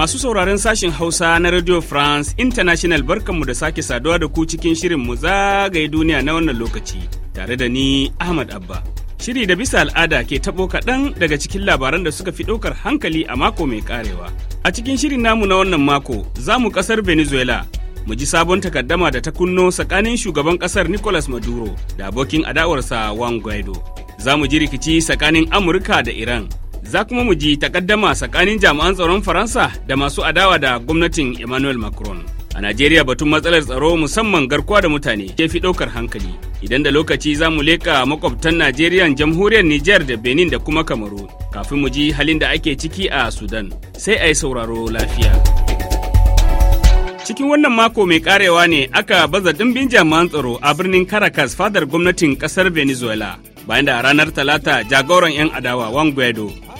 Masu sauraron sashin Hausa na Radio France International barkanmu da sake saduwa da ku cikin shirin mu zagaye duniya na wannan lokaci tare da ni Ahmad Abba. Shiri da bisa al'ada ke tabo kaɗan daga cikin labaran da suka fi ɗaukar hankali a mako mai karewa. A cikin shirin namu na wannan mako za mu ƙasar Venezuela mu ji sabon takaddama da ta kunno tsakanin shugaban ƙasar Nicolas Maduro da abokin adawarsa Juan Guaido. Za mu ji rikici tsakanin Amurka da Iran. Za kuma mu ji takaddama tsakanin jami'an tsaron Faransa da masu adawa da gwamnatin Emmanuel Macron. A Najeriya batun matsalar tsaro musamman garkuwa da mutane ke fi ɗaukar hankali. Idan da lokaci za mu leƙa makwabtan Najeriya jamhuriyar Nijar da Benin da kuma Kamaru kafin mu ji halin da ake ciki a Sudan. Sai a yi sauraro lafiya. Cikin wannan mako mai karewa ne aka baza dimbin jami'an tsaro a birnin Caracas fadar gwamnatin ƙasar Venezuela. bayan da ranar talata jagoran 'yan adawa wan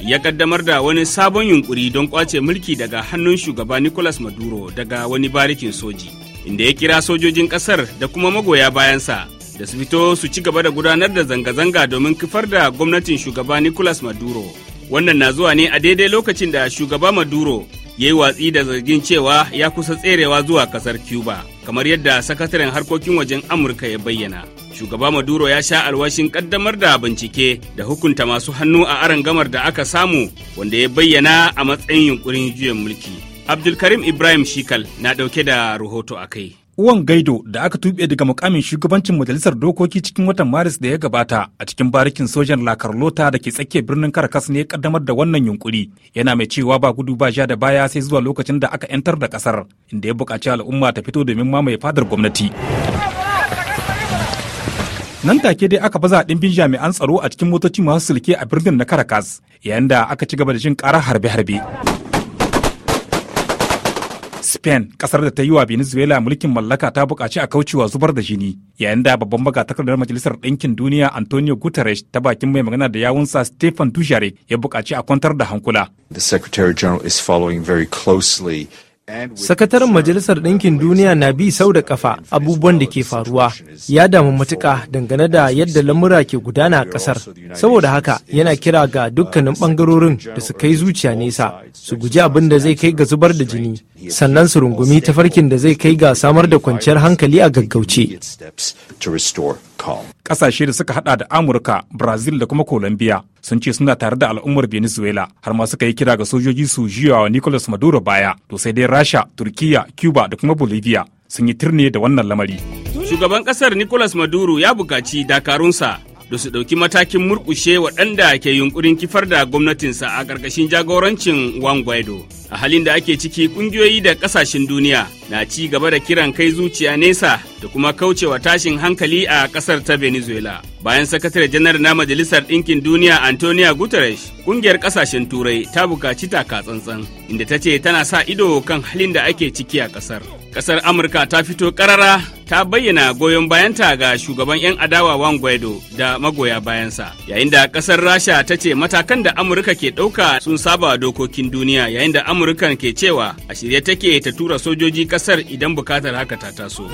ya kaddamar da wani sabon yunkuri don kwace mulki daga hannun shugaba nicolas maduro daga wani barikin soji inda ya kira sojojin kasar da kuma magoya bayansa da su fito su ci gaba da gudanar da zanga-zanga domin kifar da gwamnatin shugaba nicolas maduro wannan na zuwa ne a daidai lokacin da shugaba maduro ya yi watsi da zargin cewa ya kusa tserewa zuwa kasar cuba kamar yadda sakataren harkokin wajen amurka ya bayyana shugaba maduro ya sha alwashin kaddamar da bincike da hukunta masu hannu a aron gamar da aka samu wanda ya bayyana a matsayin yunkurin juyin mulki abdulkarim ibrahim shikal na dauke da rahoto a kai Uwan Gaido da aka tuɓe daga mukamin shugabancin majalisar dokoki cikin watan Maris da ya gabata a cikin barikin sojan lakar lota da ke tsakiyar birnin karakas ne kaddamar da wannan yunkuri yana mai cewa ba gudu ba sha da baya sai zuwa lokacin da aka 'yantar da kasar inda ya buƙaci al'umma ta fito domin mamaye fadar gwamnati. nan take dai aka baza dimbin jami'an tsaro a cikin motoci masu sulke a birnin na caracas yayin da aka ci gaba da jin karar harbe-harbe spain kasar da ta yi wa venezuela mulkin mallaka ta buƙaci a kaucewa zubar da jini yayin da babban magatakardar majalisar ɗinkin duniya antonio guterres ta bakin mai magana da yawunsa stephen dujare ya buƙaci a kwantar da hankula the secretary general is following very closely Sakataren Majalisar Ɗinkin Duniya na bi sau da ƙafa abubuwan da ke faruwa ya damu matuƙa dangane da yadda lamura ke gudana a ƙasar. Saboda haka yana kira ga dukkanin ɓangarorin da su kai zuciya nesa su guji abin da zai kai ga zubar da jini sannan su rungumi tafarkin da zai kai ga samar da kwanciyar hankali a gaggauce. call. Kasashe da suka hada da Amurka, Brazil da kuma Colombia sun ce suna tare da al'ummar Venezuela har ma suka yi kira ga sojoji su jiya wa Nicolas Maduro baya to sai dai Rasha, Turkiya, Cuba da kuma Bolivia sun yi tirne da wannan lamari. Shugaban kasar Nicolas Maduro ya bukaci dakarunsa da su ɗauki matakin murƙushe waɗanda ke yunkurin kifar da gwamnatinsa a ƙarƙashin jagorancin Juan Guaido. A halin da ake ciki ƙungiyoyi da ƙasashen duniya na ci gaba da kiran kai zuciya nesa da kuma kaucewa tashin hankali a ƙasar ta Venezuela. Bayan sakatare janar na Majalisar Ɗinkin Duniya Antonia Guterres, ƙungiyar ƙasashen Turai ta buƙaci taka tsantsan, inda ta ce tana sa ido kan halin da ake ciki a ƙasar. kasar Amurka ta fito karara ta bayyana goyon bayanta ga shugaban 'yan adawa wan Guaido da magoya bayansa, yayin da kasar Rasha ta ce matakan da Amurka ke ɗauka sun saba dokokin duniya yayin da Amurkan ke cewa a shirye take ta tura sojoji kasar idan bukatar haka ta taso.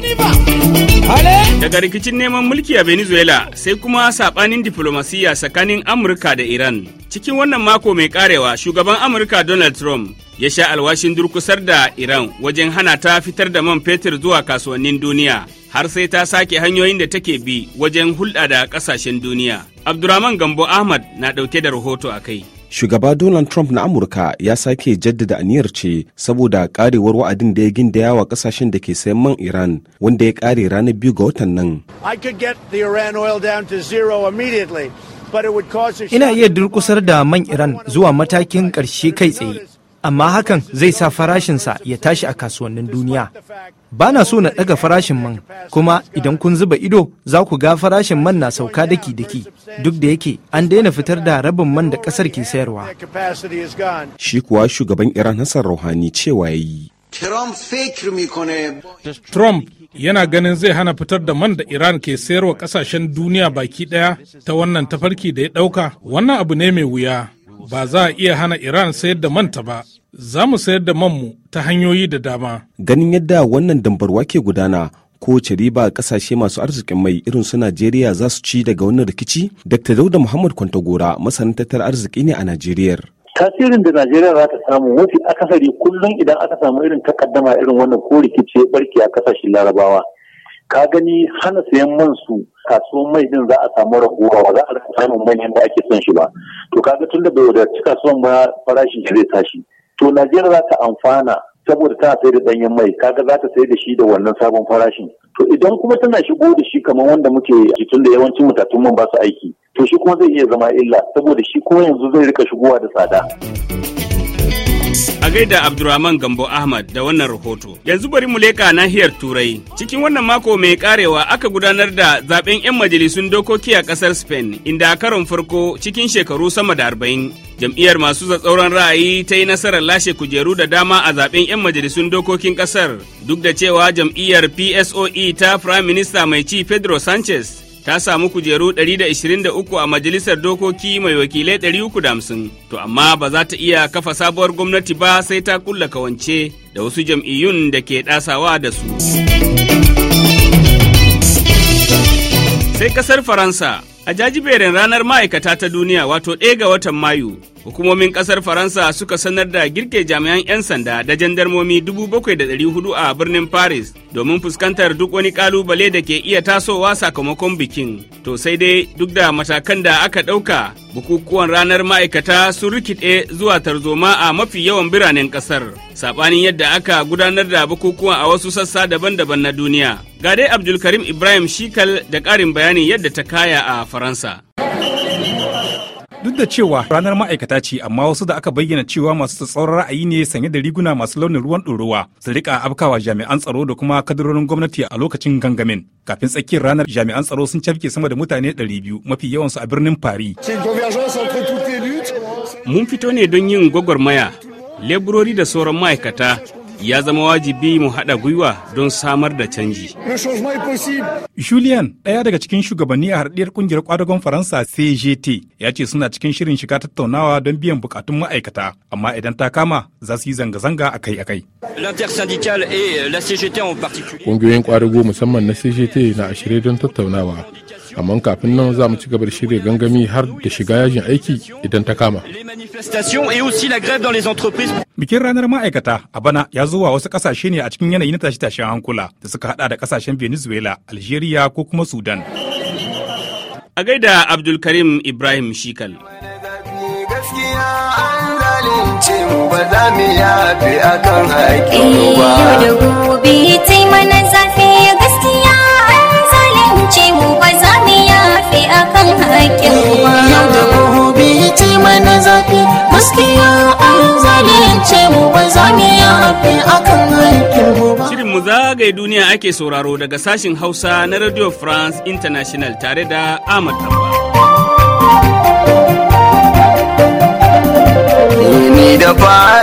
Daga rikicin neman mulki a Venezuela sai kuma saɓanin diflomasiyya tsakanin Amurka da Iran. Cikin wannan mako mai karewa shugaban Amurka Donald Trump ya sha alwashin durkusar da Iran wajen hana ta fitar da man fetur zuwa kasuwannin duniya har sai ta sake hanyoyin da take bi wajen hulɗa da ƙasashen duniya. Abdurrahman Gambo Ahmad na ɗauke da rahoto a kai. Shugaba Donald Trump na Amurka ya sake jaddada aniyar ce saboda karewar wa'adin da ya gindaya wa kasashen da ke sayan man Iran wanda ya kare ranar biyu ga watan nan. Ina iya durkusar da man Iran zuwa matakin ƙarshe kai tsaye, amma hakan zai sa farashinsa ya tashi a kasuwannin duniya. Ba na so na ɗaga farashin man, kuma idan kun zuba ido za ku ga farashin man na sauka daki-daki duk da yake an daina fitar da rabin man da ƙasar ke sayarwa. Shi kuwa shugaban Iran Hassan Rouhani cewa ya yi. Trump yana ganin zai hana fitar da man da Iran ke sayarwa kasashen duniya baki ɗaya ta wannan tafarki da ya ɗauka. wannan abu ne mai wuya ba za a iya hana Iran sayar da manta ba za mu sayar da manmu ta hanyoyi da dama. Ganin yadda wannan dambarwa ke gudana ko riba kasashe masu arzikin mai irin su Najeriya za su ci daga wannan rikici? Dr. Dauda Muhammad Kwantagora masanin tattalin arziki ne a Najeriya. Tasirin da Najeriya za ta samu mafi akasari kullum idan aka samu irin takaddama irin wannan ko rikice, barki a kasashen Larabawa. Ka gani hana sayan man su kasuwan mai din za a samu raguwa ba za a samun manyan da ake son shi ba. To ka ga tun da bai wadaci kasuwan ba farashin shi zai tashi. to najeriya za ta amfana saboda tana sayar da ɗanyen mai kaga za ta sayar da shi da wannan sabon farashin to idan kuma tana shigo da shi kamar wanda muke tun da yawancin matatun man ba su aiki to shi kuma zai iya zama illa saboda shi kuma yanzu zai rika shigowa da tsada. da Abdurrahman Gambo Ahmad da wannan rahoto. Yanzu bari mu leka nahiyar Turai. Cikin wannan mako mai karewa aka gudanar da zaben 'yan majalisun dokoki a ƙasar Spain inda a karon farko cikin shekaru sama da arba'in. Jam'iyyar masu zatsauran ra'ayi ta yi nasarar lashe kujeru da dama a zaben 'yan majalisun dokokin ƙasar, duk da cewa jam'iyyar PSOE ta Prime Minister mai ci Pedro Sanchez ta samu kujeru 123 a majalisar dokoki mai wakilai 350 to amma ba za ta iya kafa sabuwar gwamnati ba sai ta kulla kawance da wasu jam'iyyun da ke ɗasawa da su. Sai ƙasar Faransa a jajiberin ranar ma'aikata ta duniya wato ɗaya ga watan Mayu Hukumomin ƙasar Faransa suka sanar da girke jami'an 'yan sanda da jandarmomi hudu a birnin Paris domin fuskantar duk wani ƙalubale da ke iya tasowa sakamakon bikin. To sai dai duk da matakan da aka ɗauka, bukukuwan ranar ma'aikata sun rikide zuwa tarzoma a mafi yawan biranen ƙasar. Saɓanin yadda aka gudanar da bukukuwan a wasu sassa daban-daban na duniya. Ga dai Abdulkarim Ibrahim Shikal da ƙarin bayanin yadda ta kaya a Faransa. duk da cewa ranar ma'aikata ce amma wasu da aka bayyana cewa masu tsatsauran ra'ayi ne sanye da riguna masu launin ruwan ɗorowa su rika afkawa jami'an tsaro da kuma kadarorin gwamnati a lokacin gangamin kafin tsakiyar ranar jami'an tsaro sun cafke sama da mutane 200 mafi yawansu a birnin paris mun fito ne don yin gwagwarmaya leburori da sauran ma'aikata ya zama wajibi mu haɗa gwiwa don samar da canji. Julian, ɗaya daga cikin shugabanni a harɗiyar ƙungiyar ƙwadagon Faransa CGT, ya ce suna cikin shirin shiga tattaunawa don biyan buƙatun ma'aikata, amma idan ta kama za su yi zanga-zanga akai kai Ƙungiyoyin ƙwadago musamman na CGT na ashirin don tattaunawa. amma kafin nan za mu ci gaba da shirya gangami har da shiga yajin aiki idan ta kama bikin ranar ma'aikata a bana ya wa wasu kasashe ne a cikin yanayi na tashe-tashen hankula da suka hada da kasashen venezuela algeria ko kuma sudan a gaida abdulkarim ibrahim shikal ba eh, da gobe zafi gaskiya an zalunce mu ba za yafi gobe ce mana zafi gaskiya an mu ba za mu hafi akan shirin mu zagaye duniya ake sauraro daga sashin Hausa na Radio France International tare da Ahmad Abba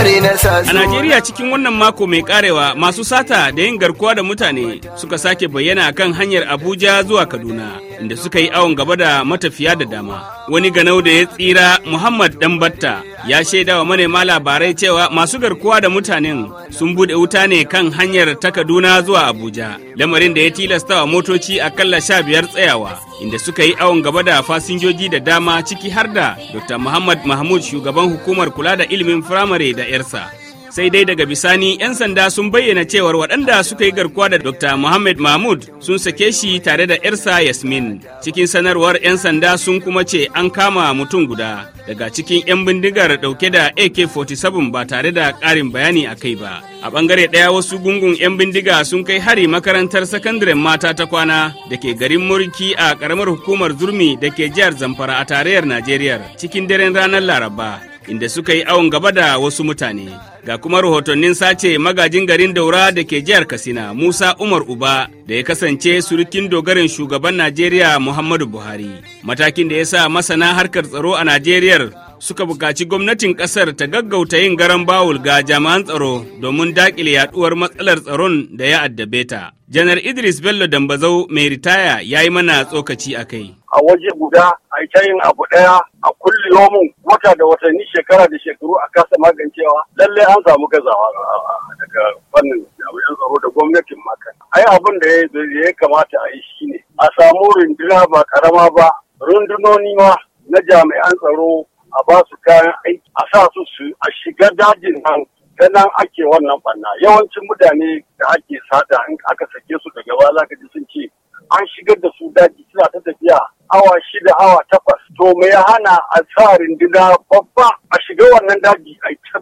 A Najeriya cikin wannan mako mai karewa masu sata da yin garkuwa da mutane suka sake bayyana kan hanyar Abuja zuwa Kaduna. inda suka yi awon gaba da matafiya da dama. Wani ganau da ya tsira Muhammad Danbatta ya shaida wa manema labarai cewa masu garkuwa da mutanen sun buɗe wuta ne kan hanyar ta Kaduna zuwa Abuja, lamarin da ya tilasta wa motoci akalla sha biyar tsayawa, inda suka yi awon gaba da fasinjoji da dama ciki har da Dr. Muhammad Mahmud shugaban hukumar kula da ilimin firamare da 'yarsa. sai dai daga bisani 'yan sanda sun bayyana cewar waɗanda suka yi garkuwa da dr muhammad mahmud sun sake shi tare da 'yarsa yasmin cikin sanarwar 'yan sanda sun kuma ce an kama mutum guda daga cikin 'yan bindigar dauke da ak-47 ba tare da ƙarin bayani a kai ba a ɓangare ɗaya wasu gungun 'yan bindiga sun kai hari makarantar sakandaren mata ta kwana da ke garin murki a ƙaramar hukumar zurmi da ke jihar zamfara a tarayyar najeriya cikin daren ranar laraba inda suka yi awon gaba da wasu mutane. Ga kuma rahotannin sace magajin garin Daura da ke jihar Katsina Musa Umar Uba da ya kasance surukin dogarin shugaban Najeriya Muhammadu Buhari. Matakin da ya sa masana harkar tsaro a Najeriyar suka bukaci gwamnatin ƙasar ta gaggauta yin garan bawul ga jami'an tsaro domin dakile yaduwar matsalar tsaron da ya addabe ta. Janar Idris Bello Dambazau mai ritaya ya yi mana tsokaci a kai. A waje guda a ta yin abu ɗaya a kulliyomin wata da watanni shekara da shekaru a kasa magancewa lallai an samu gazawa daga fannin jami'an tsaro da gwamnatin makan. Ai abin da ya kamata a yi shine a samu rundunar ba karama ba rundunoni ma na jami'an tsaro a ba su kayan aiki a sa su su a shiga dajin nan ta nan ake wannan banna yawancin mutane da ake sata in aka sake su daga za ka ji sun ce an shigar da su daji suna ta tafiya awa shida awa takwas to me ya hana a sa rindina babba a shiga wannan daji a ta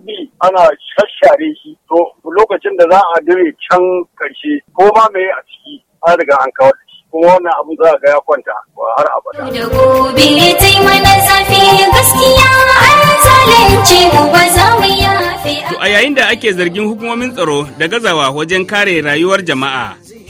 ana shashare shi to lokacin da za a dire can karshe ko ma me a ciki an riga an kawar kuma wannan abu za ga ya kwanta ba har abada. Da gobe tai mana zafi gaskiya an zalunce mu ba za mu yafe. To a yayin da ake zargin hukumomin tsaro da gazawa wajen kare rayuwar jama'a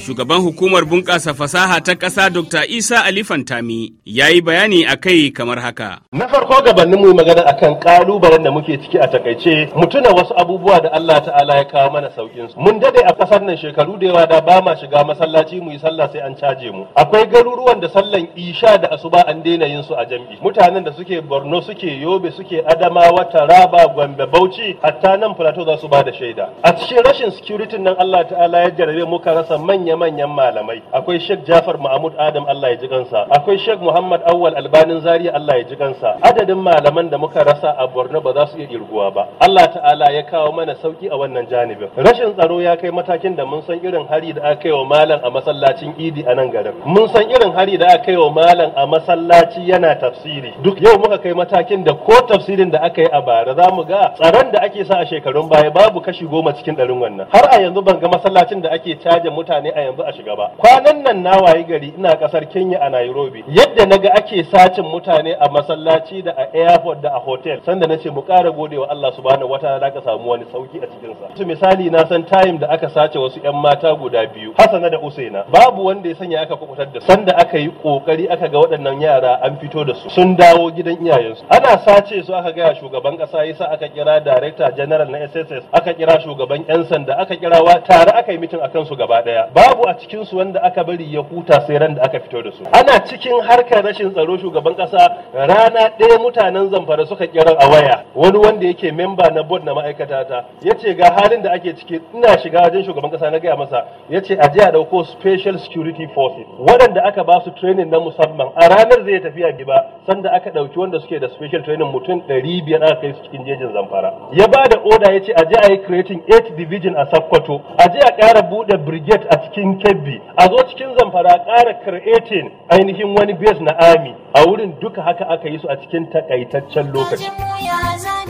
Shugaban hukumar bunƙasa fasaha ta ƙasa Dr. Isa Ali Fantami ya yi bayani a kai kamar haka. Na farko gabanin mu magana akan ƙalubalen da muke ciki a takaice mu wasu abubuwa da Allah ta'ala ya kawo mana saukin su. Mun dade a ƙasar nan shekaru da yawa da ba ma shiga masallaci mu yi sallah sai an caje mu. Akwai garuruwan da sallan isha da asuba an daina yin su a jam'i. Mutanen da suke Borno suke Yobe suke Adamawa Taraba Gombe Bauchi hatta nan Plateau za su ba da shaida. A cikin rashin security nan Allah ta'ala ya jarabe muka rasa manyan manyan malamai akwai Sheikh Jafar Mahmud Adam Allah ya ji kansa akwai Sheikh Muhammad Awwal Albanin Zaria Allah ya ji kansa adadin malaman da muka rasa a Borno ba za su iya girguwa ba Allah ta'ala ya kawo mana sauki a wannan janibin rashin tsaro ya kai matakin da mun san irin hari da aka yi wa malam a masallacin Idi a nan garin mun san irin hari da aka yi wa malam a masallaci yana tafsiri duk yau muka kai matakin da ko tafsirin da aka yi a bara za mu ga tsaron da ake sa a shekarun baya babu kashi goma cikin ɗarin wannan har a yanzu ban ga masallacin da ake caje mutane a yanzu a shiga ba kwanan nan na wayi gari ina kasar Kenya a Nairobi yadda naga ake sacin mutane a masallaci da a airport da a hotel sanda nace mu ƙara godewa Allah subhanahu wataala ka samu wani sauki a cikin sa misali na san time da aka sace wasu yan mata guda biyu Hassana da Usaina babu wanda ya sanya aka kubutar da sanda aka yi kokari aka ga waɗannan yara an fito da su sun dawo gidan iyayensu ana sace su aka gaya shugaban ƙasa yasa aka kira director general na SSS aka kira shugaban yan sanda aka kira tare aka yi mitin akan su gaba daya babu a cikin su wanda aka bari ya huta sai ran da aka fito da su ana cikin harkar rashin tsaro shugaban kasa rana ɗaya mutanen zamfara suka kira a waya wani wanda yake memba na board na ma'aikata ta yace ga halin da ake ciki ina shiga wajen shugaban kasa na gaya masa yace a jiya a dauko special security forces waɗanda aka ba su training na musamman a ranar zai tafiya giba sanda aka ɗauki wanda suke da special training mutum 500 aka kai su cikin jejin zamfara ya ba da oda yace a je a yi creating 8 division a sakkwato a je a ƙara buɗe brigade a cikin cikin kebbi a zo cikin zamfara ƙara creating ainihin wani base na ami a wurin duka haka aka yi su a cikin takaitaccen lokaci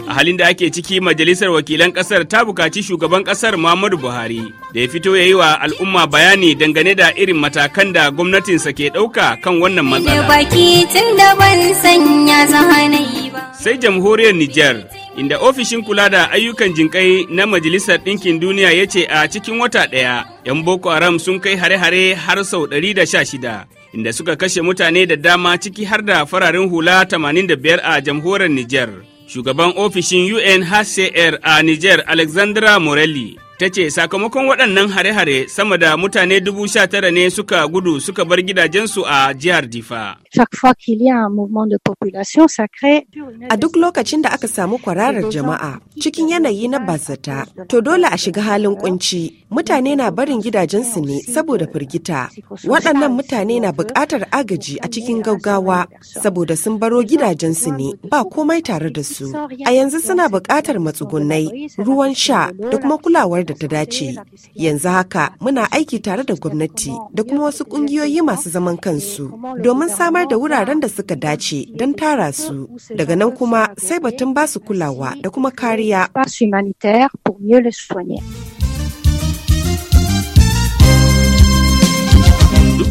a halin da ake ciki majalisar wakilan kasar ta bukaci shugaban kasar muhammadu buhari da ya fito ya yi wa al'umma bayani dangane da irin matakan da gwamnatinsa ke ɗauka kan wannan matsala sai jamhuriyar niger inda ofishin kula da ayyukan jinƙai na Majalisar Ɗinkin Duniya ya ce a cikin wata ɗaya, 'yan Boko Haram sun kai hare-hare har sau ɗari da shida, inda suka kashe mutane da dama ciki har da fararen hula 85 a jamhuriyar Nijar. Shugaban ofishin UNHCR a Nijar, Alexandra Morelli, ta ce sakamakon waɗannan hare-hare sama da mutane dubu sha tara ne suka gudu suka bar gidajensu a jihar Difa. A duk lokacin da aka samu kwararar jama'a cikin yanayi na bazata, to dole a shiga halin kunci. Mutane na barin gidajensu ne saboda firgita. Waɗannan mutane na buƙatar agaji a cikin gaggawa saboda sun baro gidajensu ne ba komai tare da su. A yanzu suna buƙatar matsugunai, ruwan sha da kuma kulawar da ta dace. Yanzu haka muna aiki tare da gwamnati da kuma wasu ƙungiyoyi masu zaman kansu domin samar da wuraren da suka dace don tara su. Daga nan kuma sai batun basu kulawa da kuma kariya.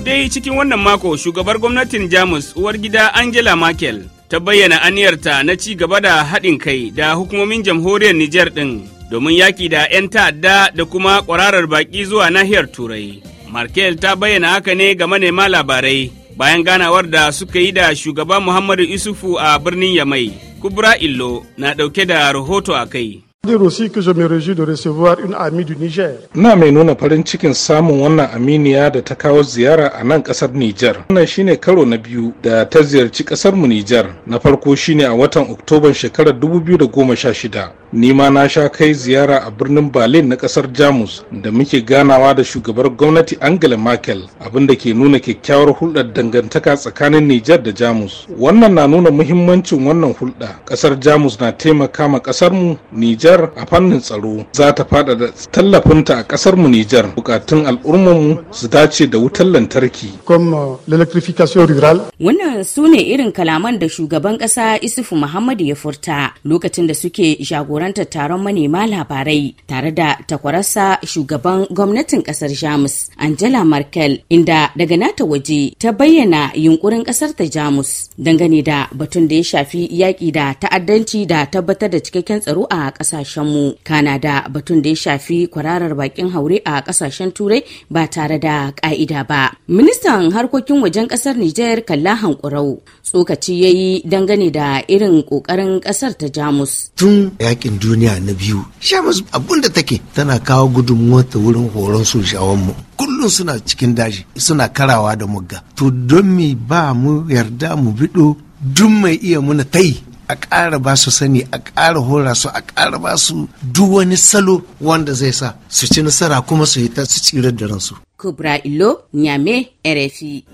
dai cikin wannan mako shugabar gwamnatin jamus uwar gida angela merkel ta bayyana aniyarta na ci gaba da haɗin kai da hukumomin jamhuriyar Nijar ɗin domin yaƙi da 'yan ta'adda da kuma ƙwararar baƙi zuwa nahiyar Turai. Markel ta bayyana haka ne ga manema labarai bayan ganawar da suka yi da shugaba Muhammadu Isufu a birnin Yamai. Kubra Illo na ɗauke da rahoto a kai. dire aussi que je me réjouis de recevoir une amie du Niger. Na mai nuna farin cikin samun wannan aminiya da ta kawo ziyara a nan kasar Niger. Wannan shine karo na biyu da ta ziyarci kasar mu Niger. Na farko shine a watan oktoba shekarar 2016 nima na sha kai ziyara a birnin berlin na kasar jamus da muke ganawa da shugabar gwamnati angela merkel abinda ke nuna kyakkyawar hulɗar dangantaka tsakanin nijar da jamus wannan na nuna muhimmancin wannan hulɗa kasar jamus na taimaka ma kasar mu nijar a fannin tsaro za ta da tallafinta a kasar mu nijar bukatun mu su dace da wutar lantarki euh, wannan su ne irin kalaman da shugaban ƙasa isufu muhammadu ya furta lokacin da suke jagora jagorantar taron manema labarai tare da takwararsa shugaban gwamnatin kasar Jamus Angela Merkel inda daga nata waje ta bayyana yunkurin kasar ta Jamus dangane da batun da ya shafi yaƙi da ta'addanci da tabbatar da cikakken tsaro a ƙasashenmu kana da batun da ya shafi kwararar bakin haure a ƙasashen turai ba tare da ƙa'ida ba Ministan harkokin wajen kasar Nijar kalla hankurau tsokaci ya yi dangane da irin ƙoƙarin kasar ta Jamus. Tun yakin duniya na biyu, Jamus abun da take tana kawo gudunmuwar ta wurin horon su mu Kullum suna cikin daji, suna karawa da mugga. To don mi ba mu yarda mu bido duk mai iya muna tai a ƙara ba su sani a ƙara hora su a ƙara ba su duk wani salo wanda zai sa su ci nasara kuma su yi ta su tsirar da ransu. Kubra Ilo, Nyame, RFI.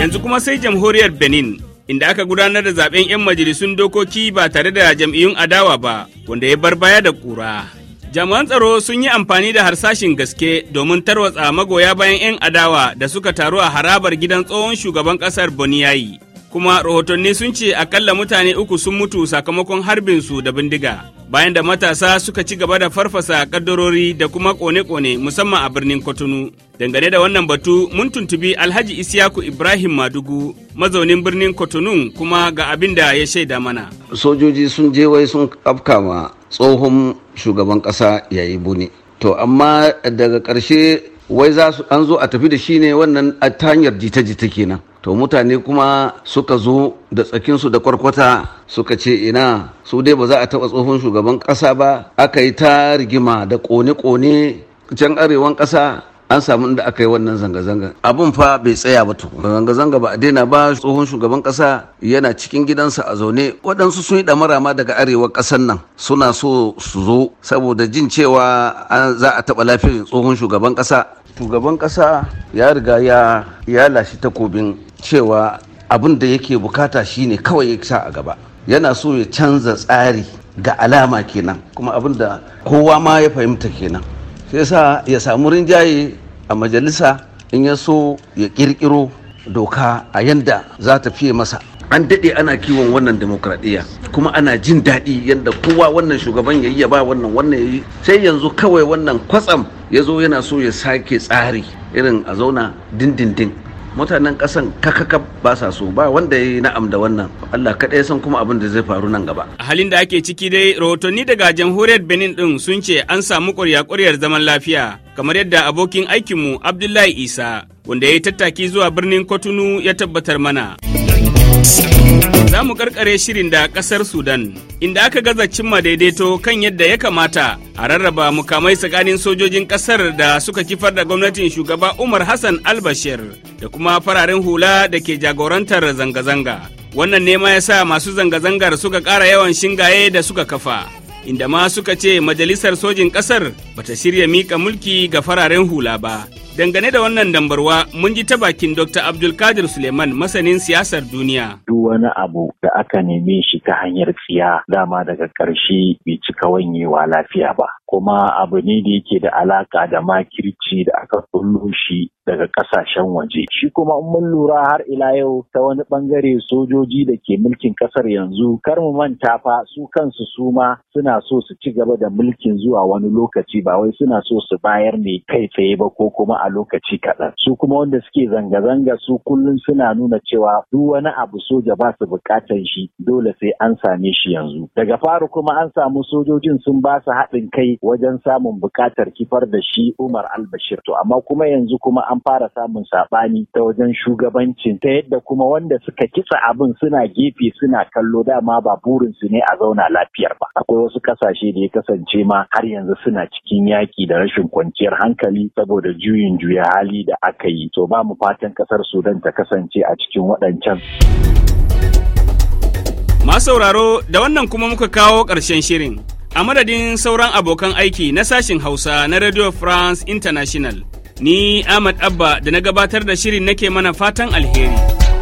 Yanzu kuma sai jamhuriyar Benin, inda aka gudanar da zaben 'yan majalisun dokoki ba tare da jam'iyyun adawa ba, wanda ya bar baya da kura. Jami'an tsaro sun yi amfani da harsashin gaske domin tarwatsa magoya bayan 'yan adawa da suka taru a harabar gidan tsohon shugaban kasar Boniyayi. Kuma rahotanni sun ce akalla mutane uku sun mutu sakamakon harbin su da bindiga. bayan da matasa suka ci gaba da farfasa kaddarori da kuma kone-kone musamman a birnin Kotunu. Dangane da wannan batu mun tuntubi Alhaji Isiyaku Ibrahim Madugu mazaunin birnin Kotunu kuma ga abin da ya shaida mana. Sojoji sun je wai sun afka ma tsohon shugaban ƙasa yayi buni. To amma daga karshe wai za su an zo a tafi da shi ne wannan ta hanyar jita-jita kenan. to mutane kuma suka zo da tsakinsu da kwarkwata suka ce ina su dai ba za a taba tsohon shugaban ƙasa ba aka yi ta rigima da ƙone-ƙone can arewan ƙasa an samu inda aka yi wannan zanga-zanga abun fa bai tsaya ba to zanga-zanga ba a daina ba tsohon shugaban ƙasa yana cikin gidansa a zaune waɗansu sun yi ɗamara ma daga arewa ƙasar nan suna so su zo saboda jin cewa za a taɓa lafiyar tsohon shugaban ƙasa. shugaban ƙasa ya riga ya ya lashi takobin cewa abin da yake bukata shine kawai ya sa a gaba yana so ya canza tsari ga alama kenan kuma abin da kowa ma ya fahimta kenan sai sa ya samu rinjaye a majalisa in ya so ya kirkiro doka a yanda za ta fiye masa an daɗe ana kiwon wannan demokradiyya kuma ana jin daɗi yadda kowa wannan shugaban ya yi ya ba wannan wannan ya yi sai yanzu kawai wannan kwatsam ya zo yana so ya sake tsari irin a zauna dindindin mutanen ƙasan kakaka ba sa so ba wanda ya yi na'am da wannan Allah kaɗai san kuma abin da zai faru nan gaba. A halin da ake ciki dai rahotanni daga jamhuriyar Benin ɗin sun ce an samu ƙwarya-ƙwaryar zaman lafiya kamar yadda abokin aikinmu Abdullahi Isa wanda ya yi tattaki zuwa birnin Kotunu ya tabbatar mana. Za mu karkare shirin da kasar Sudan, inda aka gaza cimma daidaito kan yadda ya kamata a rarraba mukamai tsakanin sojojin kasar da suka kifar da gwamnatin shugaba Umar Hassan Albashir da kuma fararen hula da ke jagorantar zanga-zanga. Wannan nema ya sa masu zanga-zangar suka ƙara yawan shingaye da suka kafa. inda ma suka ce majalisar sojin ƙasar bata shirya miƙa mulki ga fararen hula ba. Dangane da wannan dambarwa mun ji ta bakin Dr. Abdulkadir Suleiman masanin siyasar duniya. Duk wani abu da aka neme shi ta hanyar tsiya dama daga ƙarshe bai cika wanyewa lafiya ba. kuma abu ne da yake da alaka da makirci da aka kullo shi daga kasashen waje shi kuma mun lura har ila yau ta wani bangare sojoji da ke mulkin kasar yanzu kar mu manta fa su kansu su ma suna so su ci gaba da mulkin zuwa wani lokaci ba wai suna so su bayar ne kai tsaye ba ko kuma a lokaci kaɗan su kuma wanda suke zanga-zanga su kullum suna nuna cewa duk wani abu soja ba su buƙatan shi dole sai an same shi yanzu daga faru kuma an samu sojojin sun ba su haɗin kai wajen samun bukatar kifar da shi Umar Albashir. To amma kuma yanzu kuma an fara samun sabani ta wajen shugabancin ta yadda kuma wanda suka kitsa abin suna gefe suna kallo dama ba burinsu ne a zauna lafiyar ba. Akwai wasu kasashe da ya kasance ma har yanzu suna cikin yaki da rashin kwanciyar hankali saboda juyin juya hali da aka yi. To ba mu fatan kasar Sudan ta kasance a cikin waɗancan. Masu sauraro da wannan kuma muka kawo ƙarshen shirin. A madadin sauran abokan aiki na sashin Hausa na Radio France International, ni Ahmad Abba da na gabatar da shirin nake mana fatan alheri.